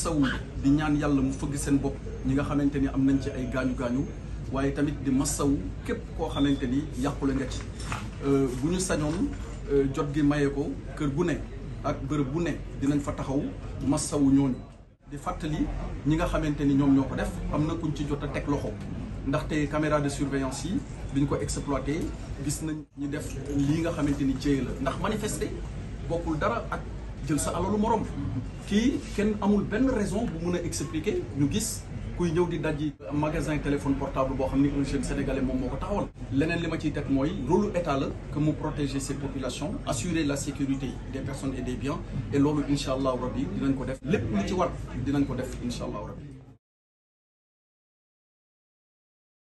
masawu di ñaan yàlla mu fëgg seen bopp ñi nga xamante ni am nañ ci ay gaañu gaañu waaye tamit di masawu képp koo xamante ni yàqule nga ci euh, bu ñu sañoon euh, jot gi maye ko kër bu ne ak bërëb bu ne dinañ fa taxaw masawu ñooñu. di fàttali ñi nga xamante ni ñoom ñoo ko def am na kuñ ci jot a teg loxo ndaxte caméra de surveillance yi duñ ko exploité gis nañ ñu def lii nga xamante ni jéey la ndax manifester bokkul dara ak. jël sa alalu morom kii kenn amul benn raison bu mun a expliquer ñu gis kuy ñëw di daj magasin téléphone portable boo xam ni un jeune sénégalais moom moo ko taxawal leneen li ma ciy teg mooy rôlu état la que mu protéger ses population assurer la sécurité des personnes et des biens et loolu incha allahu rabbi dinañ ko def lépp lu ci war dinañ ko def incha allahu rabbi